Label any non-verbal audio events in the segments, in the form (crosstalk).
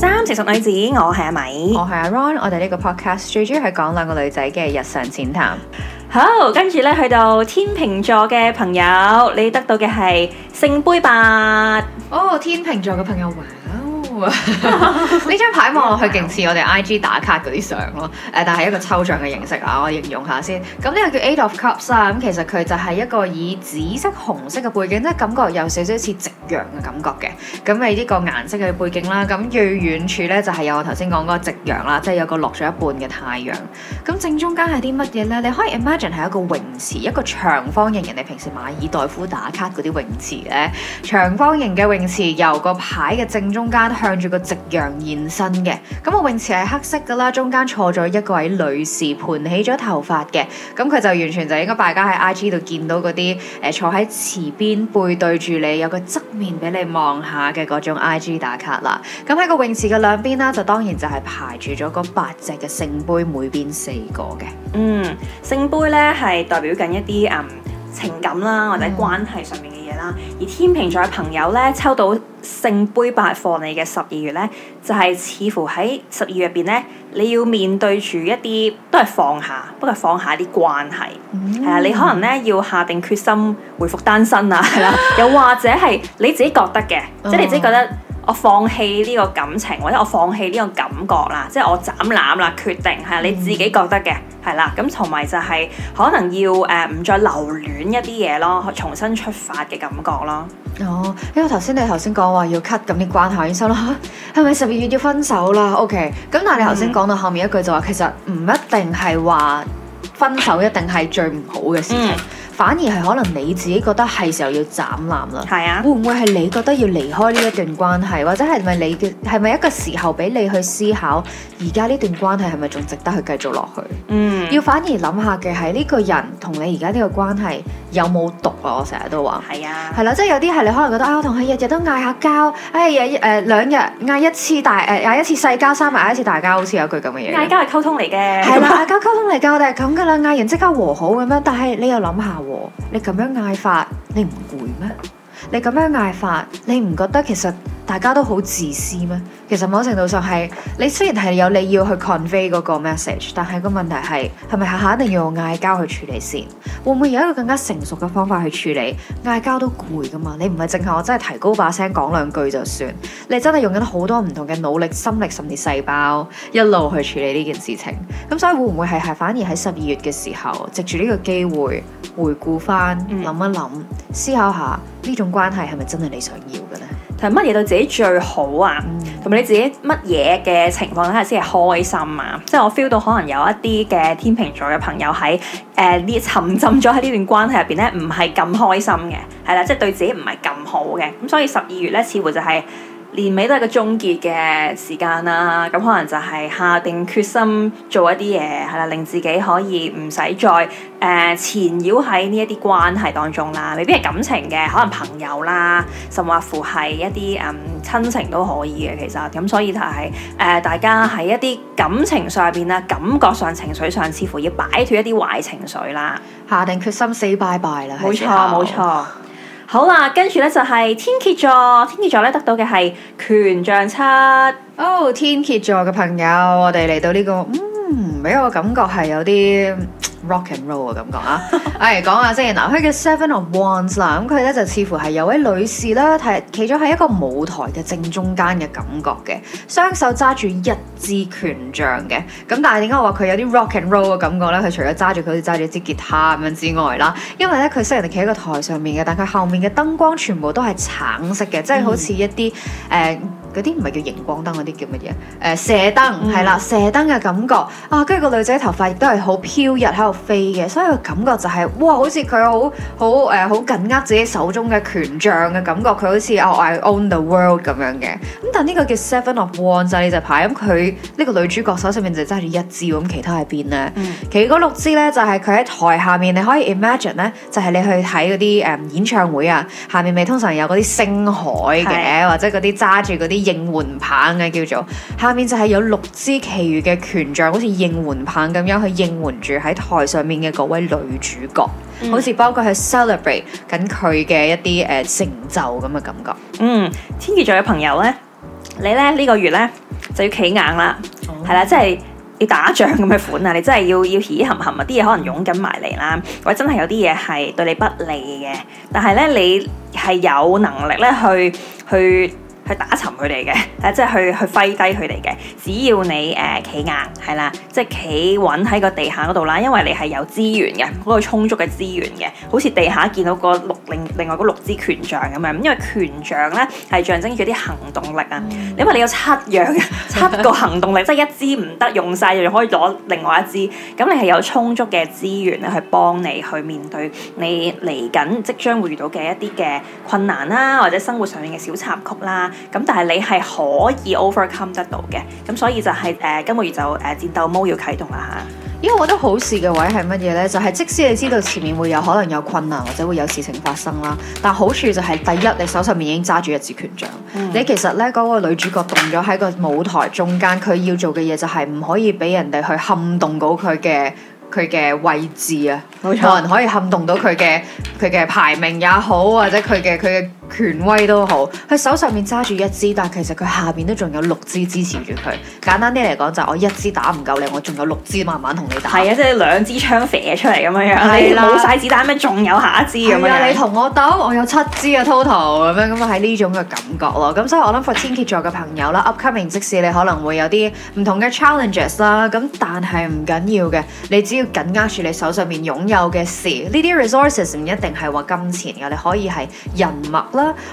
三成淑女子，我係阿米，我係阿 Ron，我哋呢個 podcast 最主要係講兩個女仔嘅日常淺談。好，跟住咧去到天秤座嘅朋友，你得到嘅係聖杯八。哦，天秤座嘅朋友。呢張 (laughs) (laughs) 牌望落去勁似我哋 I G 打卡嗰啲相咯，誒，但係一個抽象嘅形式啊！我形容下先，咁、這、呢個叫 Eight of Cups 啊，咁其實佢就係一個以紫色、紅色嘅背景，即係感覺有少少似夕陽嘅感覺嘅，咁係呢個顏色嘅背景啦。咁最遠處呢就係有我頭先講嗰個夕陽啦，即係有個落咗一半嘅太陽。咁正中間係啲乜嘢呢？你可以 imagine 係一個泳池，一個長方形，人哋平時馬爾代夫打卡嗰啲泳池咧，長方形嘅泳池由個牌嘅正中間向。向住個夕陽延伸嘅，咁個泳池係黑色噶啦，中間坐咗一位女士，盤起咗頭髮嘅，咁佢就完全就應該大家喺 I G 度見到嗰啲誒坐喺池邊背對住你，有個側面俾你望下嘅嗰種 I G 打卡啦。咁喺個泳池嘅兩邊呢，就當然就係排住咗嗰八隻嘅聖杯，每邊四個嘅、嗯。嗯，聖杯呢係代表緊一啲嗯情感啦，或者關係上面、嗯。而天秤座嘅朋友呢，抽到聖杯八放你嘅十二月呢，就係、是、似乎喺十二月入邊呢，你要面對住一啲都係放下，不過放下啲關係，係啊、嗯，你可能呢要下定決心回復單身啊，係啦， (laughs) 又或者係你自己覺得嘅，嗯、即係你自己覺得。我放棄呢個感情，或者我放棄呢個感覺啦，即係我斬纜啦，決定係你自己覺得嘅，係啦、嗯。咁同埋就係、是、可能要誒唔、呃、再留戀一啲嘢咯，重新出發嘅感覺咯。哦，因為頭先你頭先講話要 cut 咁啲關係先咯，係咪十二月要分手啦？OK，咁但係你頭先講到後面一句就話、嗯、其實唔一定係話分手一定係最唔好嘅事情。嗯嗯。反而係可能你自己覺得係時候要斬纜啦，係啊，會唔會係你覺得要離開呢一段關係，或者係咪你嘅、係咪一個時候俾你去思考而家呢段關係係咪仲值得去繼續落去？嗯，要反而諗下嘅係呢個人同你而家呢個關係有冇毒啊？我成日都話，係啊，係啦、啊，即係有啲係你可能覺得啊，我同佢日日都嗌下交，哎呀誒，兩日嗌一次大誒嗌、呃、一次細交，三埋一次大交，好似有句咁嘅嘢。嗌交係溝通嚟嘅，係啦，嗌交溝通嚟嘅，我哋係咁噶啦，嗌人即刻和好咁樣，但係你又諗下。你咁樣嗌法，你唔攰咩？你咁樣嗌法，你唔覺得其實大家都好自私咩？其實某程度上係你雖然係有你要去 convey 嗰個 message，但係個問題係係咪下下一定要用嗌交去處理先？會唔會有一個更加成熟嘅方法去處理？嗌交都攰噶嘛？你唔係淨係我真係提高把聲講兩句就算，你真係用緊好多唔同嘅努力、心力甚至細胞一路去處理呢件事情。咁所以會唔會係係反而喺十二月嘅時候藉住呢個機會回顧翻，諗一諗，思考下？呢種關係係咪真係你想要嘅咧？同乜嘢對自己最好啊？同埋、嗯、你自己乜嘢嘅情況下先係開心啊？即係我 feel 到可能有一啲嘅天秤座嘅朋友喺誒呢沉浸咗喺呢段關係入邊咧，唔係咁開心嘅，係啦，即係對自己唔係咁好嘅，咁所以十二月咧似乎就係。年尾都係個終結嘅時間啦，咁可能就係下定決心做一啲嘢，係啦，令自己可以唔使再誒、呃、纏繞喺呢一啲關係當中啦，未必係感情嘅，可能朋友啦，甚或乎係一啲誒、嗯、親情都可以嘅，其實咁所以就係、是、誒、呃、大家喺一啲感情上邊啦，感覺上、情緒上，似乎要擺脱一啲壞情緒啦，下定決心 say bye bye 啦，冇錯冇錯。後好啦，跟住呢就係天蠍座，天蠍座呢得到嘅係權杖七。哦，oh, 天蝎座嘅朋友，我哋嚟到呢、這個，嗯，俾我感覺係有啲。rock and roll 嘅感覺啊，係講、 (laughs) okay，下先嗱，佢嘅 Seven of Wands 啦，咁佢咧就似乎係有位女士啦，係企咗喺一個舞台嘅正中間嘅感覺嘅，雙手揸住一支權杖嘅，咁但係點解我話佢有啲 rock and roll 嘅感覺咧？佢除咗揸住佢揸住一支吉他咁樣之外啦，因為咧佢雖然係企喺個台上面嘅，但佢後面嘅燈光全部都係橙色嘅，嗯、即係好似一啲誒。呃嗰啲唔係叫熒光燈啲叫乜嘢？誒射燈，係、嗯、啦，射燈嘅感覺啊，跟住個女仔頭髮亦都係好飄逸喺度飛嘅，所以個感覺就係、是、哇，好似佢好好誒好緊握自己手中嘅權杖嘅感覺，佢好似哦、oh,，I own the world 咁樣嘅。咁但係呢個叫 Seven of Wands 呢隻牌，咁佢呢個女主角手上面就揸住一支，咁其他喺邊咧？嗯、其餘六支咧就係佢喺台下面，你可以 imagine 咧，就係、是、你去睇啲誒演唱會啊，下面咪通常有啲星海嘅，的或者啲揸住啲。應援棒嘅叫做，下面就係有六支其餘嘅權杖，好似應援棒咁樣去應援住喺台上面嘅嗰位女主角，嗯、好似包括去 celebrate 緊佢嘅一啲誒、呃、成就咁嘅感覺。嗯，天蠍座嘅朋友呢，你呢呢、呢個月呢，就要企硬啦，係啦、嗯，即係你打仗咁嘅款啊！你真係要要起含含啊，啲嘢可能湧緊埋嚟啦，或者真係有啲嘢係對你不利嘅，但係呢，你係有能力呢去去。去去打沉佢哋嘅，誒，即係去去揮低佢哋嘅。只要你誒企、呃、硬，係啦，即係企穩喺個地下嗰度啦。因為你係有資源嘅，嗰個充足嘅資源嘅，好似地下見到個六另另外六支權杖咁樣。因為權杖咧係象徵住啲行動力啊。因為你有七樣七個行動力， (laughs) 即係一支唔得用曬，又可以攞另外一支。咁你係有充足嘅資源咧，去幫你去面對你嚟緊即將會遇到嘅一啲嘅困難啦，或者生活上面嘅小插曲啦。咁但係你係可以 overcome 得到嘅，咁所以就係誒今個月就誒戰鬥 mode 要啟動啦吓。因為我覺得好事嘅位係乜嘢呢？就係、是、即使你知道前面會有可能有困難或者會有事情發生啦，但好處就係第一你手上面已經揸住一支權杖，嗯、你其實呢嗰、那個女主角動咗喺個舞台中間，佢要做嘅嘢就係唔可以俾人哋去撼動到佢嘅佢嘅位置啊，冇錯冇人可以撼動到佢嘅佢嘅排名也好，或者佢嘅佢嘅。權威都好，佢手上面揸住一支，但係其實佢下面都仲有六支支持住佢。簡單啲嚟講就係我一支打唔夠你，我仲有六支慢慢同你打。係啊，即係兩支槍射出嚟咁樣樣，你冇晒子彈咩？仲有下一支咁樣樣。你同我鬥，我有七支嘅 total 咁樣咁啊，喺呢種嘅感覺咯。咁所以我諗，for 天蠍座嘅朋友啦，upcoming 即使你可能會有啲唔同嘅 challenges 啦，咁但係唔緊要嘅，你只要緊握住你手上面擁有嘅事，呢啲 resources 唔一定係話金錢嘅，你可以係人脈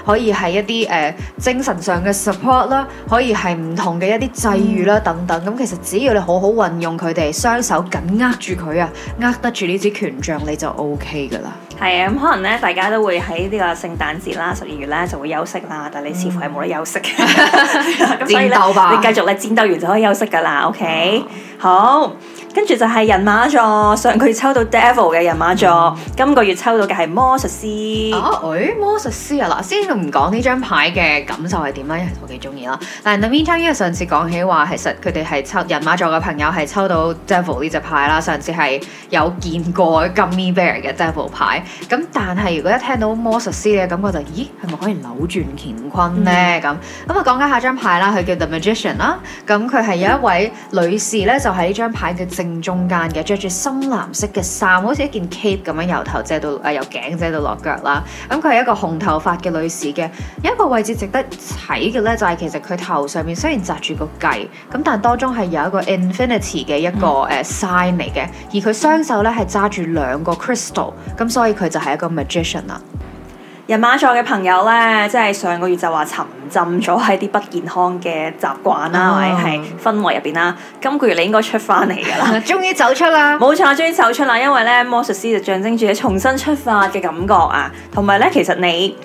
可以係一啲誒、呃、精神上嘅 support 啦，可以係唔同嘅一啲際遇啦，等等。咁、嗯、其實只要你好好運用佢哋，雙手緊握住佢啊，握得住呢支權杖，你就 O K 噶啦。係啊，咁、嗯、可能咧，大家都會喺呢個聖誕節啦，十二月咧就會休息啦。但係你似乎係冇得休息嘅，咁所以咧，你繼續咧戰鬥完就可以休息噶啦。OK，、嗯、好。跟住就係人馬座，上個月抽到 devil 嘅人馬座，今個月抽到嘅係魔術師。哦、啊，誒、哎，魔術師啊，嗱，先唔講呢張牌嘅感受係點啦，因為我幾中意啦。但係 the m e t i 因為上次講起話，其實佢哋係抽人馬座嘅朋友係抽到 devil 呢隻牌啦。上次係有見過 g u bear 嘅 devil 牌，咁但係如果一聽到魔術師嘅感覺就，咦，係咪可以扭轉乾坤呢？咁咁啊，講緊下張牌啦，佢叫 the magician 啦。咁佢係有一位女士咧，就喺呢張牌嘅正。正中間嘅，着住深藍色嘅衫，好似一件 cape 咁樣，由頭遮到誒，由頸遮到落腳啦。咁佢係一個紅頭髮嘅女士嘅。有一個位置值得睇嘅呢，就係、是、其實佢頭上面雖然紮住個髻，咁但係當中係有一個 infinity 嘅一個誒 sign 嚟嘅。而佢雙手呢係揸住兩個 crystal，咁所以佢就係一個 magician 啦。人馬座嘅朋友咧，即係上個月就話沉浸咗喺啲不健康嘅習慣啦，或者係氛圍入邊啦。今個月你應該出返嚟㗎啦， (laughs) 終於走出啦！冇錯，終於走出啦，因為咧魔術師就象徵住你重新出發嘅感覺啊，同埋咧其實你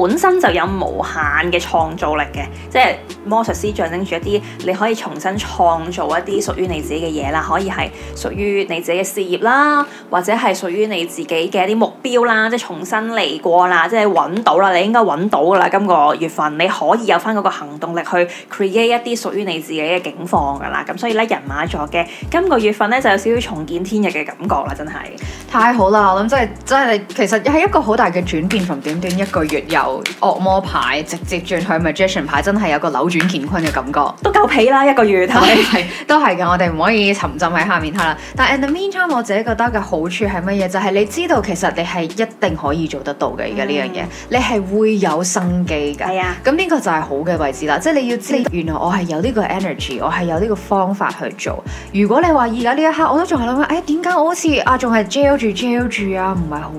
本身就有無限嘅創造力嘅，即係魔術師象徵住一啲你可以重新創造一啲屬於你自己嘅嘢啦，可以係屬於你自己嘅事業啦，或者係屬於你自己嘅一啲目標啦，即係重新嚟過啦，即係揾到啦，你應該揾到噶啦。今個月份你可以有翻嗰個行動力去 create 一啲屬於你自己嘅境況噶啦。咁所以咧，人馬座嘅今個月份咧就有少少重見天日嘅感覺啦，真係太好啦！我諗、就係、真係真係其實係一個好大嘅轉變，從短短一個月入。惡魔牌直接轉去 magician 牌，真係有個扭轉乾坤嘅感覺，都夠皮啦一個月。係， (laughs) (laughs) 都係嘅，我哋唔可以沉浸喺下面睇啦。但 and the meantime，我自己覺得嘅好處係乜嘢？就係、是、你知道，其實你係一定可以做得到嘅而家呢樣嘢，你係會有生機噶。係啊，咁呢個就係好嘅位置啦。即係你要知，原來我係有呢個 energy，我係有呢個方法去做。如果你話而家呢一刻，我都仲係諗緊，誒、哎，點解我好似啊仲係 gel 住 gel 住啊，唔係好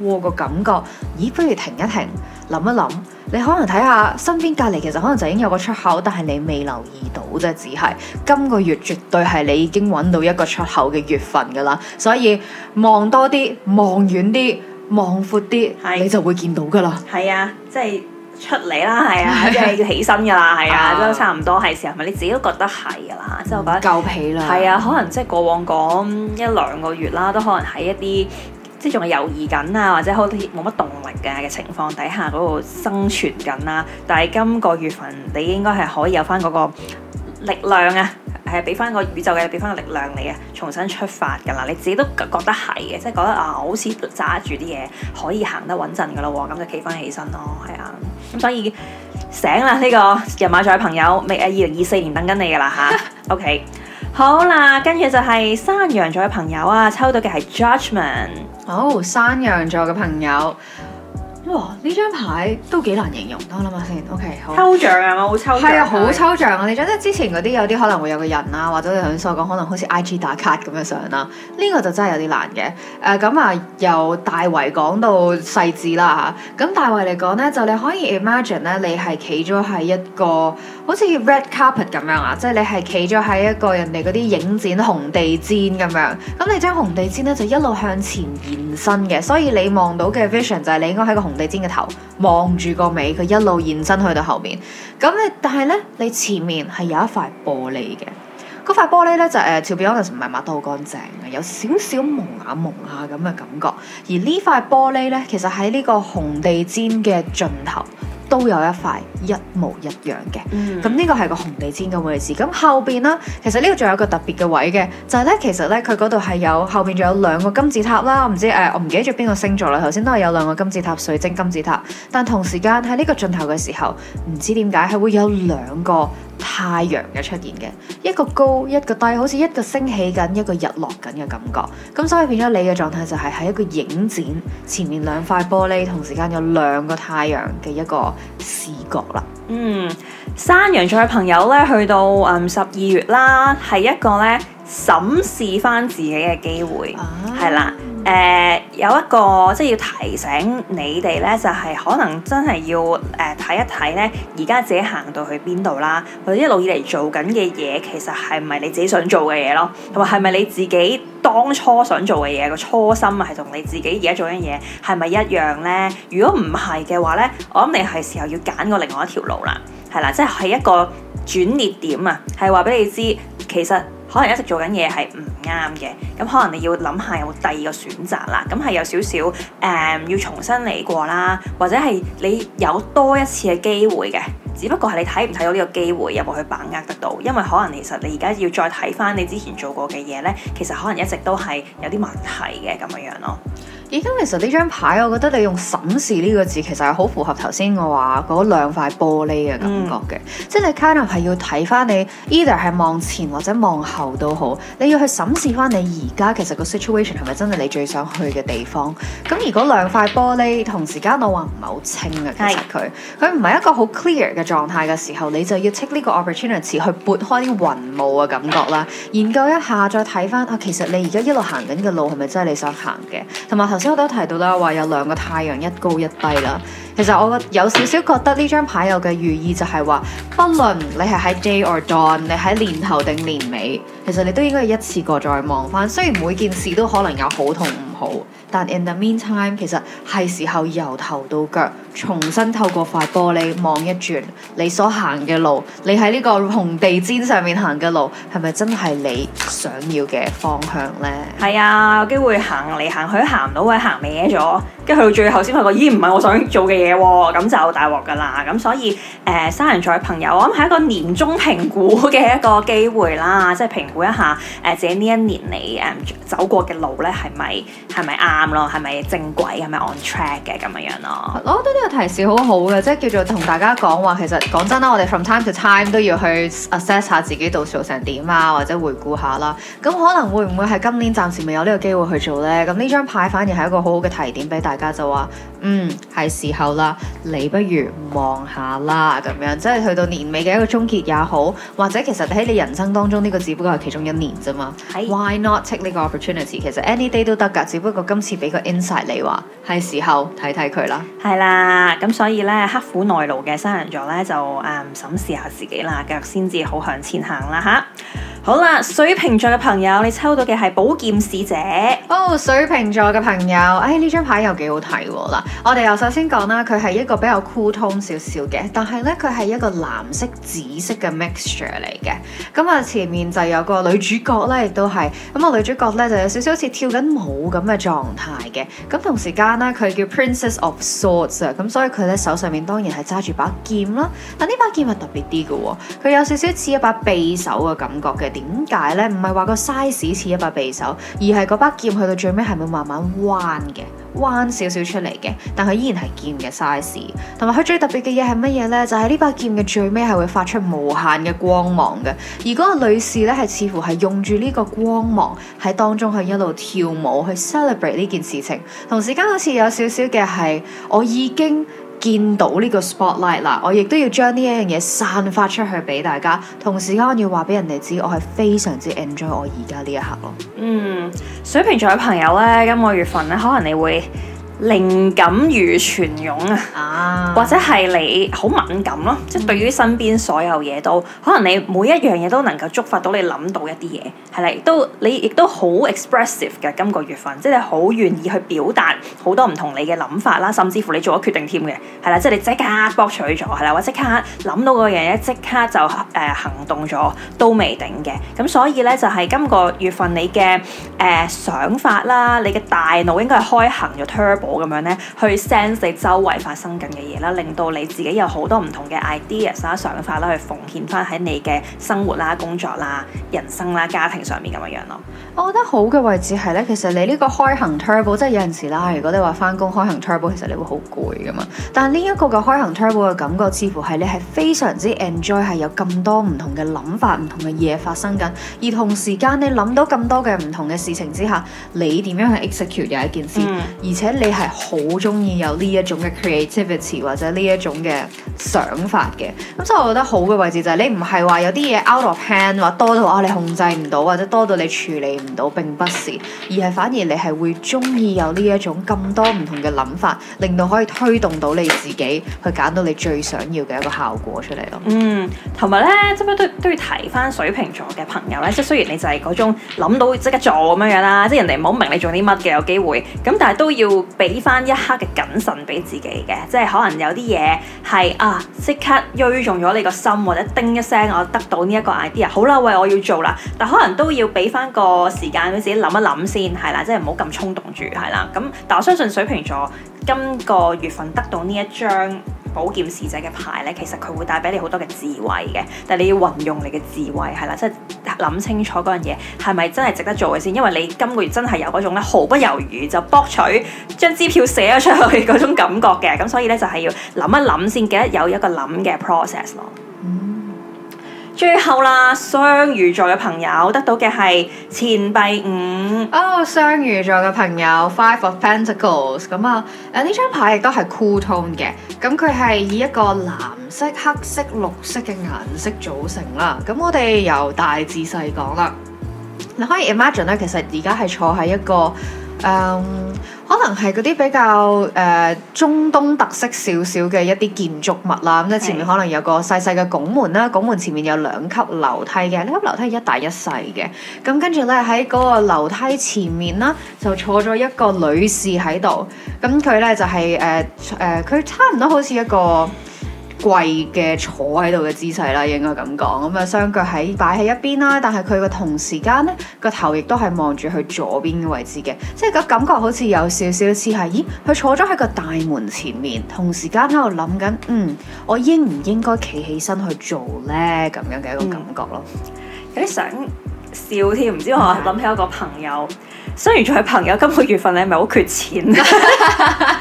喐個感覺？咦，不如停一停。諗一諗，你可能睇下身邊隔籬，其實可能就已經有個出口，但係你未留意到啫。只係今個月絕對係你已經揾到一個出口嘅月份噶啦，所以望多啲，望遠啲，望闊啲，係你就會見到噶，啊就是，啦。係啊，即係出嚟啦，係啊，即係要起身噶啦，係啊，都差唔多係時候咪？你自己都覺得係噶啦，即、就、係、是、我覺得夠皮啦。係啊，可能即係過往講一兩個月啦，都可能喺一啲。即係仲係猶豫緊啊，或者好似冇乜動力嘅嘅情況底下嗰個生存緊啊，但係今個月份你應該係可以有翻嗰個力量啊，係啊，俾翻個宇宙嘅俾翻個力量你啊，重新出發嘅喇，你自己都覺得係嘅，即係覺得啊，好似揸住啲嘢可以行得穩陣嘅咯喎，咁就企翻起身咯，係啊，咁所以醒啦呢、呢個人馬座嘅朋友，未啊？二零二四年等緊你嘅啦吓。 (laughs) o、okay. k 好啦，嗱，跟住就係山羊座嘅朋友啊，抽到嘅係 Judgment 哦，oh, 山羊座嘅朋友。哇！呢張牌都幾難形容，等我諗下先。O、okay, K，好抽象啊，我好抽象。係啊， (laughs) 好抽象啊！呢張即之前嗰啲有啲可能會有個人啊，或者你頭先所講可能好似 I G 打卡咁嘅相啦。呢、這個就真係有啲難嘅。誒咁啊，由大圍講到細緻啦嚇。咁、啊、大圍嚟講呢，就你可以 imagine 咧，你係企咗喺一個好似 red carpet 咁樣啊，即、就、係、是、你係企咗喺一個人哋嗰啲影展紅地氈咁樣。咁你將紅地氈呢，就一路向前延伸嘅，所以你望到嘅 vision 就係你應該喺個紅地氈嘅頭望住個尾，佢一路延伸去到後面。咁咧，但係咧，你前面係有一塊玻璃嘅，嗰塊玻璃咧就誒，to be honest 唔係抹得好乾淨啊，有少少蒙眼、啊、蒙下咁嘅感覺，而呢塊玻璃咧，其實喺呢個紅地氈嘅盡頭。都有一塊一模一樣嘅，咁呢、嗯、個係個紅地氈嘅位置。咁後邊啦，其實呢個仲有個特別嘅位嘅，就係、是、呢。其實呢，佢嗰度係有後邊仲有兩個金字塔啦。我唔知誒、呃，我唔記得住邊個星座啦。頭先都係有兩個金字塔、水晶金字塔，但同時間喺呢個盡頭嘅時候，唔知點解係會有兩個。太陽嘅出現嘅一個高一個低，好似一個升起緊一個日落緊嘅感覺，咁所以變咗你嘅狀態就係喺一個影展前面兩塊玻璃，同時間有兩個太陽嘅一個視覺啦。嗯，山羊座嘅朋友咧，去到嗯十二月啦，係一個咧審視返自己嘅機會，係、ah. 啦。誒、呃，有一個即係要提醒你哋咧，就係、是、可能真係要誒睇、呃、一睇咧，而家自己行到去邊度啦，或者一路以嚟做緊嘅嘢，其實係唔係你自己想做嘅嘢咯？同埋係咪你自己當初想做嘅嘢個初心係同你自己而家做緊嘢係咪一樣咧？如果唔係嘅話咧，我諗你係時候要揀過另外一條路啦，係啦，即係係一個轉捩點啊，係話俾你知，其實。可能一直做緊嘢係唔啱嘅，咁可能你要諗下有冇第二個選擇啦。咁係有少少誒，要重新嚟過啦，或者係你有多一次嘅機會嘅，只不過係你睇唔睇到呢個機會，有冇去把握得到？因為可能其實你而家要再睇翻你之前做過嘅嘢呢，其實可能一直都係有啲問題嘅咁樣樣咯。咦咁其實呢張牌，我覺得你用審視呢個字，其實係好符合頭先我話嗰兩塊玻璃嘅感覺嘅。嗯、即係你 cardinal 係要睇翻你，either 係望前或者望後都好，你要去審視翻你而家其實個 situation 係咪真係你最想去嘅地方？咁如果兩塊玻璃同時間我話唔係好清嘅，其實佢佢唔係一個好 clear 嘅狀態嘅時候，你就要 take 呢個 opportunity 去撥開啲雲霧嘅感覺啦，研究一下再睇翻啊，其實你而家一路行緊嘅路係咪真係你想行嘅？同埋。頭先我都提到啦，話有兩個太陽，一高一低啦。其實我有少少覺得呢張牌有嘅寓意就係話，不論你係喺 day or dawn，你喺年頭定年尾，其實你都應該係一次過再望翻。雖然每件事都可能有好同唔好，但 in the meantime，其實係時候由頭到腳重新透過塊玻璃望一轉，你所行嘅路，你喺呢個紅地氈上面行嘅路，係咪真係你想要嘅方向呢？係啊，有機會行嚟行去行唔到位，行歪咗。跟住去到最後先發覺，咦唔係我想做嘅嘢，咁就大鑊噶啦。咁所以誒三、呃、人座朋友，我諗係一個年終評估嘅一個機會啦，即係評估一下誒、呃、自己呢一年嚟誒、呃、走過嘅路咧，係咪係咪啱咯？係咪正軌？係咪 on track 嘅咁樣樣咯？我覺得呢個提示好好嘅，即係叫做同大家講話，其實講真啦，我哋 from time to time 都要去 assess 下自己到做成點啊，或者回顧下啦。咁可能會唔會係今年暫時未有呢個機會去做咧？咁呢張牌反而係一個好好嘅提點俾大家。大家就話，嗯，係時候啦，你不如望下啦，咁樣即係去到年尾嘅一個終結也好，或者其實喺你人生當中呢個，只不過係其中一年啫嘛。Hey. Why not take 呢個 opportunity？其實 any day 都得㗎，只不過今次俾個 insight 你話係時候睇睇佢啦。係啦，咁所以呢，刻苦耐勞嘅山羊座呢，就嗯，審視下自己啦，咁先至好向前行啦吓。好啦，水瓶座嘅朋友，你抽到嘅係寶劍侍者。哦，水瓶座嘅朋友，哎呢張牌有幾？好睇啦、哦！我哋又首先講啦，佢係一個比較酷通少少嘅，但係呢，佢係一個藍色紫色嘅 mixture 嚟嘅。咁啊，前面就有個女主角咧，亦都係咁啊，那個、女主角呢就有少少似跳緊舞咁嘅狀態嘅。咁同時間呢，佢叫 Princess of Swords 啊，咁所以佢呢，手上面當然係揸住把劍啦。但呢把劍係特別啲嘅，哦，佢有少少似一把匕首嘅感覺嘅。點解呢？唔係話個 size 似一把匕首，而係嗰把劍去到最尾係會慢慢彎嘅。彎少少出嚟嘅，但佢依然係劍嘅 size。同埋佢最特別嘅嘢係乜嘢呢？就係呢把劍嘅最尾係會發出無限嘅光芒嘅。而嗰個女士呢，係似乎係用住呢個光芒喺當中去一路跳舞，去 celebrate 呢件事情。同時間好似有少少嘅係我已經。見到呢個 spotlight 啦，我亦都要將呢一樣嘢散發出去俾大家，同時間要話俾人哋知，我係非常之 enjoy 我而家呢一刻咯。嗯，水瓶座嘅朋友呢，今個月份呢，可能你會。靈感如泉湧啊！Ah. 或者係你好敏感咯，即、就、係、是、對於身邊所有嘢都，可能你每一樣嘢都能夠觸發到你諗到一啲嘢，係啦，亦都你亦都好 expressive 嘅今個月份，即係你好願意去表達好多唔同你嘅諗法啦，甚至乎你做咗決定添嘅，係啦，即係你即刻博取咗，係啦，或即刻諗到嗰樣嘢即刻就誒、呃、行動咗都未定嘅，咁所以呢，就係、是、今個月份你嘅誒、呃、想法啦，你嘅大腦應該係開行咗我咁樣咧，去 sense 你周圍發生緊嘅嘢啦，令到你自己有好多唔同嘅 ideas 啦、想法啦，去奉獻翻喺你嘅生活啦、工作啦、人生啦、家庭上面咁樣樣咯。我覺得好嘅位置係咧，其實你呢個開行 turbo，即係有陣時啦，如果你話翻工開行 turbo，其實你會好攰噶嘛。但係呢一個嘅開行 turbo 嘅感覺，似乎係你係非常之 enjoy，係有咁多唔同嘅諗法、唔同嘅嘢發生緊，而同時間你諗到咁多嘅唔同嘅事情之下，你點樣去 execute 有一件事，mm. 而且你。係好中意有呢一種嘅 creativity 或者呢一種嘅想法嘅，咁所以我覺得好嘅位置就係你唔係話有啲嘢 out of hand，話多到啊你控制唔到，或者多到你處理唔到，並不是，而係反而你係會中意有呢一種咁多唔同嘅諗法，令到可以推動到你自己去揀到你最想要嘅一個效果出嚟咯。嗯，同埋咧，即係都都要提翻水瓶座嘅朋友咧，即係雖然你就係嗰種諗到即刻做咁樣樣啦，即係人哋唔好明你做啲乜嘅有機會，咁但係都要俾翻一刻嘅謹慎俾自己嘅，即係可能有啲嘢係啊，即刻郁中咗你個心，或者叮一聲，我得到呢一個 idea，好啦，喂，我要做啦，但可能都要俾翻個時間俾自己諗一諗先，係啦，即係唔好咁衝動住，係啦，咁但我相信水瓶座今個月份得到呢一張。寶劍侍者嘅牌咧，其實佢會帶俾你好多嘅智慧嘅，但係你要運用你嘅智慧，係啦，即係諗清楚嗰樣嘢係咪真係值得做嘅先，因為你今個月真係有嗰種咧毫不猶豫就博取將支票寫咗出去嗰種感覺嘅，咁所以咧就係要諗一諗先，記得有一個諗嘅 process 咯。最後啦，雙魚座嘅朋友得到嘅係錢幣五哦，oh, 雙魚座嘅朋友 Five of Pentacles 咁啊，誒呢張牌亦都係 cool tone 嘅，咁佢係以一個藍色、黑色、綠色嘅顏色組成啦。咁我哋由大至細講啦，你可以 imagine 咧，其實而家係坐喺一個。誒，um, 可能係嗰啲比較誒、呃、中東特色少少嘅一啲建築物啦，咁即係前面可能有個細細嘅拱門啦，拱門前面有兩級樓梯嘅，呢級樓梯係一大一細嘅，咁跟住咧喺嗰個樓梯前面啦，就坐咗一個女士喺度，咁佢咧就係誒誒，佢、呃呃、差唔多好似一個。跪嘅坐喺度嘅姿勢啦，應該咁講。咁啊，雙腳喺擺喺一邊啦，但係佢個同時間呢個頭亦都係望住佢左邊嘅位置嘅，即係個感覺好似有少少似係，咦？佢坐咗喺個大門前面，同時間喺度諗緊，嗯，我應唔應該企起身去做呢？咁樣嘅一個感覺咯、嗯，有啲想笑添，唔知我諗起一個朋友，雖然仲係朋友，今個月份你係咪好缺錢？ (laughs)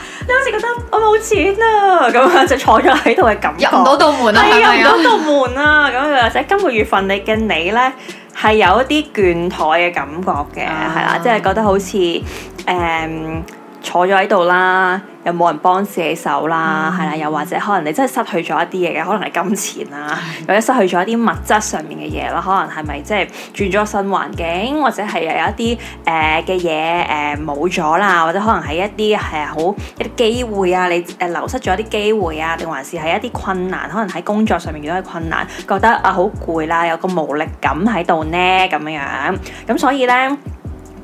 冇錢啊，咁樣就坐咗喺度嘅感覺，入唔到道門啊，入唔到道門啊，咁又或者今個月份你嘅你呢係有一啲倦怠嘅感覺嘅，係啦、啊，即係覺得好似誒。嗯坐咗喺度啦，又冇人幫自己手啦，係啦、嗯，又或者可能你真係失去咗一啲嘢嘅，可能係金錢啊，嗯、或者失去咗一啲物質上面嘅嘢啦，可能係咪即係轉咗新環境，或者係又有一啲誒嘅嘢誒冇咗啦，或者可能係一啲係、呃、好一啲機會啊，你誒流失咗一啲機會啊，定還是係一啲困難，可能喺工作上面遇到困難，覺得啊好攰啦，有個無力感喺度呢咁樣，咁所以呢。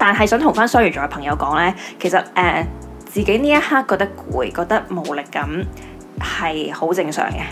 但係想同翻雙魚座嘅朋友講呢，其實誒、呃、自己呢一刻覺得攰、覺得無力感係好正常嘅。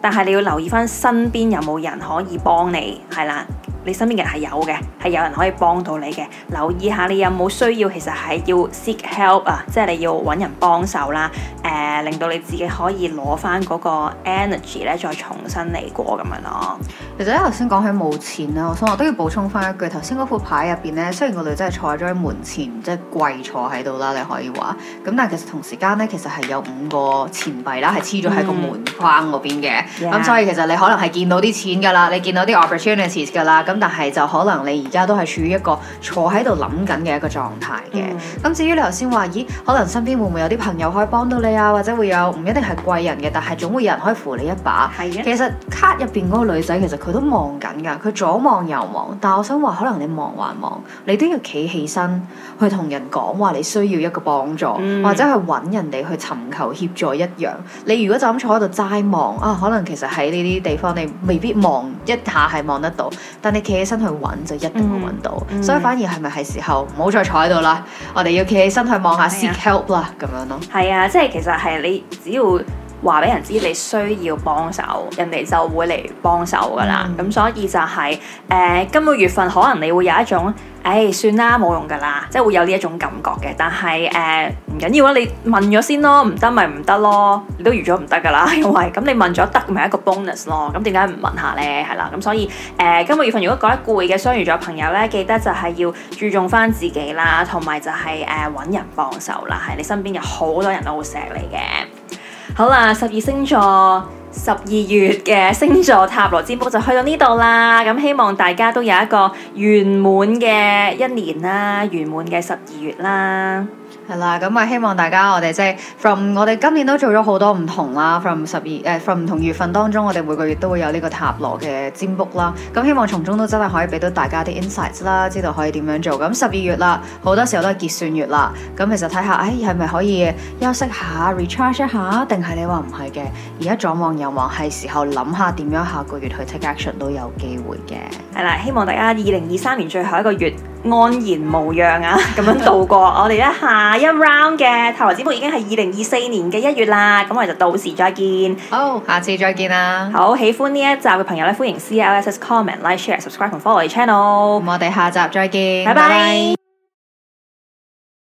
但係你要留意翻身邊有冇人可以幫你，係啦，你身邊嘅人係有嘅，係有人可以幫到你嘅。留意下你有冇需要，其實係要 seek help 啊，即係你要揾人幫手啦。誒、啊，令到你自己可以攞翻嗰個 energy 咧，再重新嚟過咁樣咯。啊。其實咧頭先講起冇錢咧，我想我都要補充翻一句頭先嗰副牌入邊咧，雖然個女仔係坐咗喺門前，即係跪坐喺度啦，你可以話。咁但係其實同時間咧，其實係有五個錢幣啦，係黐咗喺個門框嗰邊嘅。咁、嗯嗯、所以其實你可能係見到啲錢㗎啦，你見到啲 opportunities 㗎啦。咁但係就可能你而家都係處於一個坐喺度諗緊嘅一個狀態嘅。咁、嗯、至於你頭先話，咦？可能身邊會唔會有啲朋友可以幫到你啊？或者會有唔一定係貴人嘅，但係總會有人可以扶你一把。係嘅。其實卡入邊嗰個女仔其實佢都望緊噶，佢左望右望。但係我想話，可能你望還望，你都要企起身去同人講話，你需要一個幫助，嗯、或者去揾人哋去尋求協助一樣。你如果就咁坐喺度齋望啊，可能其實喺呢啲地方你未必望一下係望得到，但你企起身去揾就一定會揾到。嗯、所以反而係咪係時候唔好再坐喺度啦？我哋要企起身去望下，seek help 啦、啊，咁樣咯。係啊，即係其實係你只要。話俾人知你需要幫手，人哋就會嚟幫手噶啦。咁、mm hmm. 所以就係、是、誒、呃，今個月份可能你會有一種，誒、哎，算啦，冇用噶啦，即係會有呢一種感覺嘅。但係誒，唔緊要啦，你問咗先咯，唔得咪唔得咯，你都預咗唔得噶啦。因為咁你問咗得咪一個 bonus 咯。咁點解唔問下呢？係啦。咁所以誒、呃，今個月份如果覺得攰嘅，雙魚座朋友呢，記得就係要注重翻自己啦，同埋就係、是、搵、呃、人幫手啦。係你身邊有好多人都會錫你嘅。好啦，十二星座十二月嘅星座塔羅占卜就去到呢度啦，咁希望大家都有一個圓滿嘅一年啦，圓滿嘅十二月啦。係啦，咁啊，希望大家我哋即係 from 我哋今年都做咗好多唔同啦，from 十二誒 from 唔同月份當中，我哋每個月都會有呢個塔羅嘅占卜啦。咁、嗯、希望從中都真係可以俾到大家啲 insights 啦，知道可以點樣做。咁十二月啦，好多時候都係結算月啦。咁、嗯、其實睇下，誒係咪可以休息下 recharge 一下，定係你話唔係嘅？而家左望右望，係時候諗下點樣下個月去 take action 都有機會嘅。係啦，希望大家二零二三年最後一個月。安然無恙啊！咁樣度過 (laughs) 我哋咧，下一 round 嘅塔羅占卜已經係二零二四年嘅一月啦，咁我哋就到時再見，好，oh, 下次再見啦。好，喜歡呢一集嘅朋友咧，歡迎 CLSS comment、like、share、subscribe 同 follow 我哋 channel。咁我哋下集再見，拜拜 bye。Bye bye